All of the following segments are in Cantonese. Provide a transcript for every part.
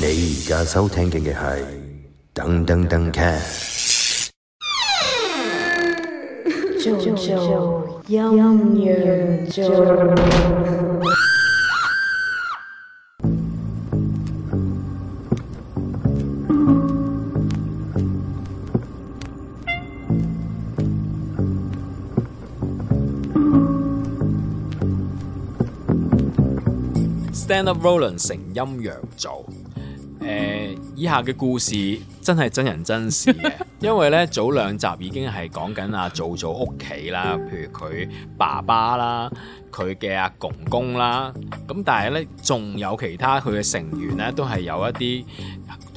你而家收聽嘅係《燈登登 Cast》，做做陰陽組，Stand Up Rollers 成陰陽組。誒、呃，以下嘅故事真係真人真事嘅， 因為咧早兩集已經係講緊阿祖祖屋企啦，譬如佢爸爸啦，佢嘅阿公公啦，咁但係咧，仲有其他佢嘅成員咧，都係有一啲。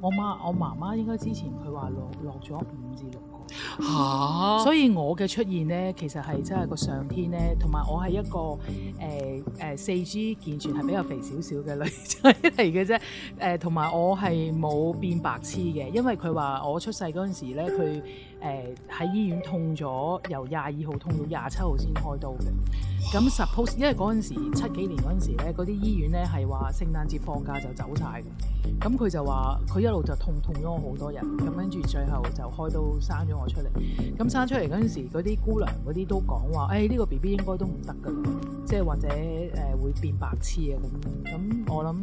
我媽，我媽媽應該之前佢話落落咗五至六個，啊、所以我嘅出現咧，其實係真係個上天咧，同埋我係一個誒誒四肢健全係比較肥少少嘅女仔嚟嘅啫，誒同埋我係冇變白痴嘅，因為佢話我出世嗰陣時咧，佢誒喺醫院痛咗，由廿二號痛到廿七號先開刀嘅。咁 suppose，因為嗰陣時七幾年嗰陣時咧，嗰啲醫院咧係話聖誕節放假就走晒嘅，咁佢就話佢一路就痛痛咗我好多人。咁跟住最後就開刀生咗我出嚟，咁生出嚟嗰陣時，嗰啲姑娘嗰啲都講話，誒、哎、呢、呢個 B B 應該都唔得嘅，即係或者誒、呃、會變白痴啊咁，咁我諗。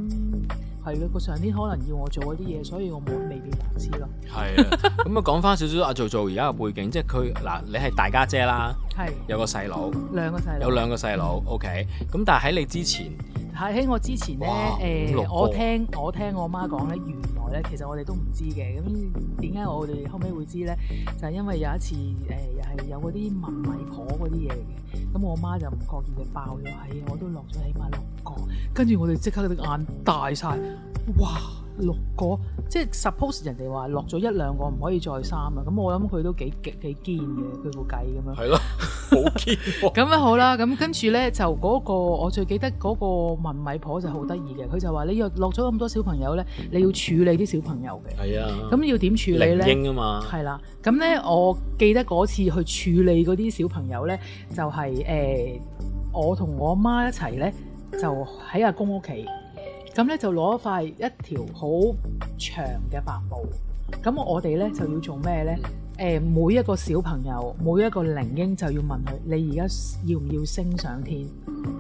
係咯，佢上天可能要我做嗰啲嘢，所以我冇未必知咯。係啊，咁啊講翻少少阿做做而家嘅背景，即係佢嗱，你係大家姐啦，係的有個細佬，兩個細佬，有兩個細佬 ，OK。咁但係喺你之前。喺喺我之前咧，誒我聽我聽我媽講咧，原來咧其實我哋都唔知嘅，咁點解我哋後尾會知咧？就係、是、因為有一次又係、欸、有嗰啲問米婆嗰啲嘢嘅，咁我媽就唔覺意就爆咗喺、欸，我都落咗起碼六個，跟住我哋即刻對眼大晒。哇！六個，即係 suppose 人哋話落咗一兩個唔可以再三啊！咁我諗佢都幾極幾堅嘅，佢冇計咁樣。係咯， 冇堅。咁樣好啦，咁跟住咧就嗰、那個我最記得嗰個問米婆就好得意嘅，佢就話：你要落咗咁多小朋友咧，你要處理啲小朋友嘅。係啊。咁要點處理咧？鴛啊嘛。係啦，咁咧我記得嗰次去處理嗰啲小朋友咧，就係、是、誒、欸，我同我媽一齊咧，就喺阿公屋企。咁咧就攞塊一條好長嘅白布，咁我哋咧就要做咩咧？誒，每一個小朋友，每一個靈嬰就要問佢：你而家要唔要升上天？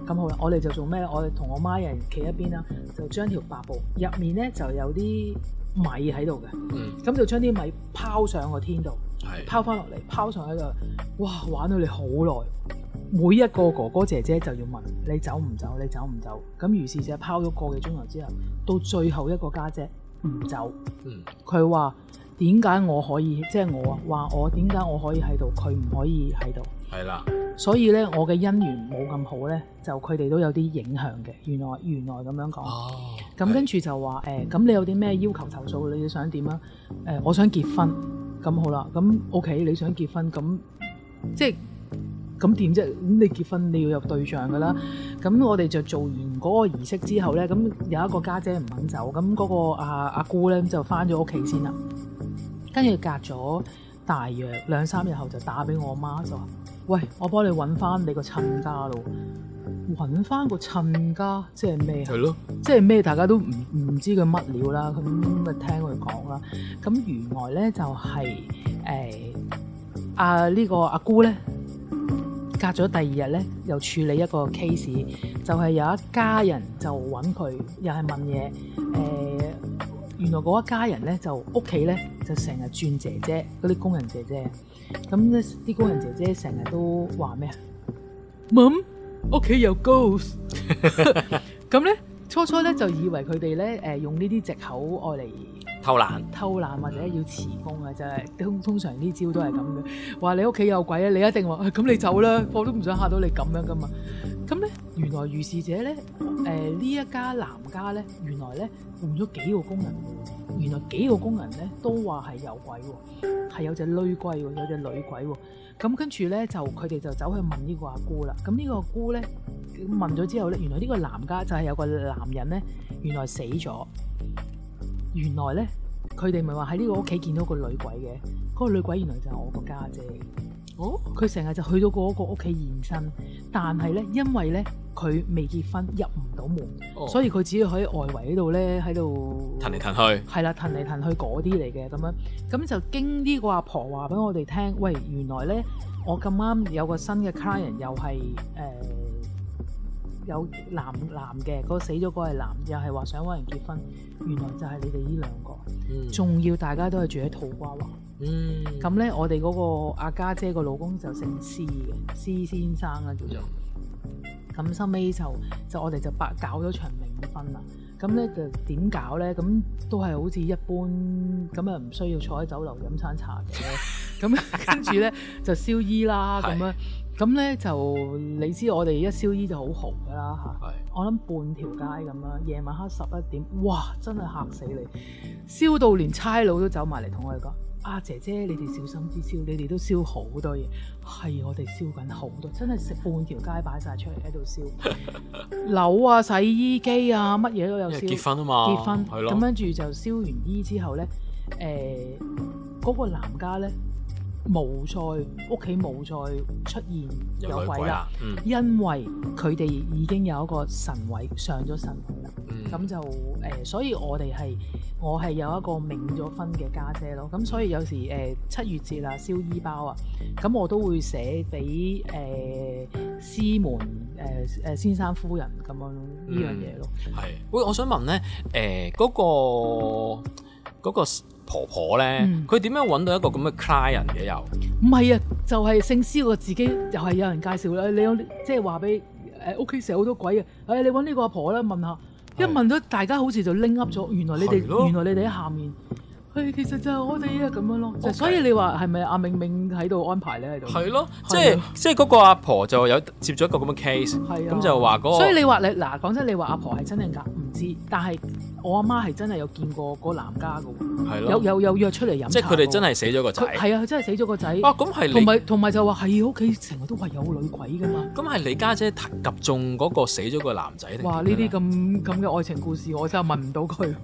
咁好啦，我哋就做咩？我哋同我媽人企一邊啦，就將條白布入面咧就有啲米喺度嘅，咁、嗯、就將啲米拋上個天度，拋翻落嚟，拋上喺度，哇！玩到你好耐。每一個哥哥姐姐就要問你走唔走，你走唔走？咁於是就拋咗個幾鐘頭之後，到最後一個家姐唔走。嗯，佢話點解我可以？即係我啊話我點解我可以喺度，佢唔可以喺度。係啦，所以呢，我嘅姻緣冇咁好呢，就佢哋都有啲影響嘅。原來原來咁樣講。哦，咁跟住就話誒，咁你有啲咩要求投訴？你要想點啊？誒，我想結婚。咁好啦，咁 O K，你想結婚咁即咁點啫？咁你結婚你要有對象噶啦。咁我哋就做完嗰個儀式之後咧，咁有一個家姐唔肯走，咁嗰個阿、啊、阿、啊、姑咧就翻咗屋企先啦。跟住隔咗大約兩三日後，就打俾我媽，就話，喂，我幫你揾翻你個親家咯。揾翻個親家即係咩？係咯，即係咩？大家都唔唔知佢乜料啦。咁、嗯、咪聽佢講啦。咁原來咧就係誒阿呢個阿姑咧。隔咗第二日咧，又處理一個 case，就係、是、有一家人就揾佢，又係問嘢。誒、呃，原來嗰一家人咧就屋企咧就成日轉姐姐嗰啲工人姐姐，咁咧啲工人姐姐成日都話咩啊？咁屋企有 ghost。咁 咧 初初咧就以為佢哋咧誒用呢啲藉口愛嚟。偷懶，偷懶或者要辭工啊！嗯、就係、是、通常呢招都係咁嘅。話你屋企有鬼啊！你一定話咁、啊、你走啦，我都唔想嚇到你咁樣噶嘛。咁咧原來如是者咧，誒呢一家男家咧，原來咧用咗幾個工人，原來幾個工人咧都話係有鬼喎，係有隻女鬼喎，有隻女鬼喎。咁跟住咧就佢哋就走去問個個呢個阿姑啦。咁呢個阿姑咧問咗之後咧，原來呢個男家就係有個男人咧，原來死咗。原來咧，佢哋咪話喺呢個屋企見到個女鬼嘅。嗰、嗰個女鬼原來就我個家姐、哦、個家姐。哦，佢成日就去到嗰個屋企現身，但係咧，因為咧佢未結婚入唔到門，哦、所以佢只要喺外圍嗰度咧喺度騰嚟騰去。係啦，騰嚟騰去嗰啲嚟嘅咁樣，咁就經呢個阿婆話俾我哋聽，喂，原來咧我咁啱有個新嘅 client、嗯、又係誒。呃有男男嘅，個死咗個係男，又係話想揾人結婚，原來就係你哋呢兩個，仲、嗯、要大家都係住喺土瓜灣。咁咧、嗯，我哋嗰個阿家姐個老公就姓施嘅，施先生啦、啊、叫做。咁收尾就就我哋就白搞咗場冥婚啦。咁咧就點搞咧？咁都係好似一般，咁又唔需要坐喺酒樓飲餐茶嘅。 咁跟住咧就燒衣啦，咁是樣咁咧就你知我哋一燒衣就好紅㗎啦嚇，是我諗半條街咁樣，夜晚黑十一點，哇真係嚇死你，燒到連差佬都走埋嚟同我哋講：啊姐姐，你哋小心啲燒，你哋都燒好多嘢，係、哎、我哋燒緊好多，真係食半條街擺晒出嚟喺度燒，樓 啊、洗衣機啊，乜嘢都有燒。因為結婚啊嘛，結婚係咯。咁跟住就燒完衣之後咧，誒、呃、嗰、嗰個男家咧。冇再屋企冇再出現有鬼啦，鬼啊嗯、因為佢哋已經有一個神位上咗神位，咁、嗯、就誒、呃，所以我哋係我係有一個冥咗婚嘅家姐咯，咁所以有時誒、呃、七月節啦，燒衣包啊，咁我都會寫俾誒、呃、師門誒誒、呃、先生夫人咁樣呢、嗯、樣嘢咯。係，喂，我想問咧，誒嗰個嗰個。那個婆婆咧，佢點樣揾到一個咁嘅 client 嘅又？唔係、嗯、啊，就係、是、姓施。個自己，又係有人介紹啦、哎。你即、哎、有即係話俾誒屋企成日好多鬼啊！誒、哎，你揾呢個阿婆啦，問下。是一問到大家好似就拎噏咗，原來你哋、啊、原來你哋喺下面。係、哎，其實就係我哋啊咁樣咯。就所以你話係咪阿明明喺度安排咧喺度？係咯，即係即係嗰個阿婆，婆就有接咗一個咁嘅 case、嗯。係啊，咁就話嗰、那個。所以你話你嗱講真，你話阿婆係真定假？唔知，但係。我阿媽係真係有見過個男家㗎喎，有有有約出嚟飲茶。即係佢哋真係死咗個仔。係啊，佢真係死咗個仔。啊，咁係同埋同埋就話係屋企成日都話有女鬼㗎嘛。咁係你家姐及中嗰個死咗個男仔。哇！呢啲咁咁嘅愛情故事，我真係問唔到佢。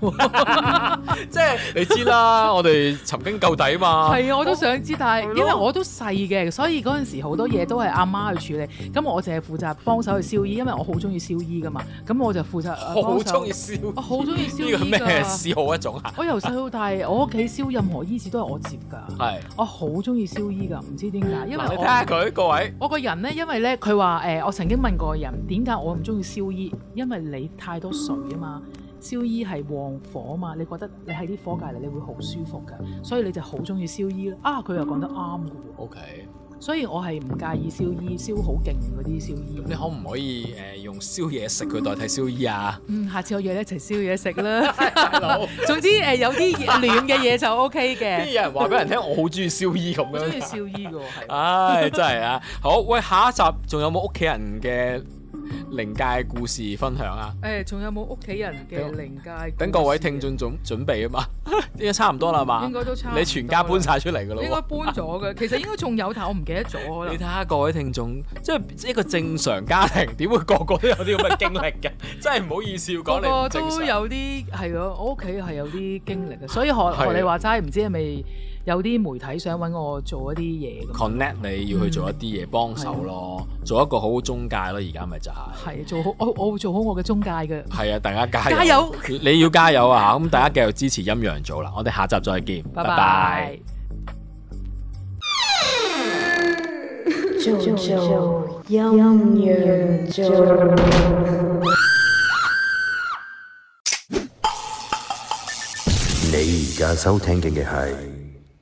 即係你知啦，我哋曾經夠底嘛。係啊，我都想知，但係因為我都細嘅，所以嗰陣時好多嘢都係阿媽去處理。咁我淨係負責幫手去燒衣，因為我好中意燒衣㗎嘛。咁我就負責幫手。好中意燒。我好中意。呢個咩嗜好一種啊！ 我由細到大，我屋企燒任何衣紙都係我接噶。係是，我好中意燒衣噶，唔知點解，因為你睇下佢各位。我個人咧，因為咧，佢話誒，我曾經問過人點解我唔中意燒衣，因為你太多水啊嘛，燒衣係旺火啊嘛，你覺得你喺啲火界裏，你會好舒服噶，所以你就好中意燒衣啦。啊，佢又講得啱嘅喎。OK。所以我係唔介意燒衣，燒好勁嗰啲燒衣。咁你可唔可以誒、呃、用燒嘢食去代替燒衣啊？嗯，下次我約一齊燒嘢食啦。 總之誒、呃，有啲暖嘅嘢就 O K 嘅。有 人話俾人聽， 我好中意燒衣咁樣。中意燒衣㗎喎，係。唉、 哎，真係啊！好，喂，下一集仲有冇屋企人嘅靈界故事分享啊！誒，仲有冇屋企人嘅靈界？等各位聽眾準準備啊嘛，應該差唔多啦嘛。應該都差。你全家搬晒出嚟噶咯？應該搬咗嘅，其實應該仲有，但係我唔記得咗可能。你睇下各位聽眾，即係一個正常家庭，點會個個都有啲咁嘅經歷嘅？真係唔好意思要講你。我都有啲係咯，我屋企係有啲經歷嘅，所以學學你話齋，唔知係咪？有啲媒體想搵我做一啲嘢，connect 你要去做一啲嘢幫手咯，做一個好中介咯，而家咪就係。係做好我，我會做好我嘅中介嘅。係啊，大家加油！加油！你要加油啊！咁大家繼續支持陰陽組啦，我哋下集再見，拜拜。Jojo Yang Yang Jojo，你而家收聽嘅係。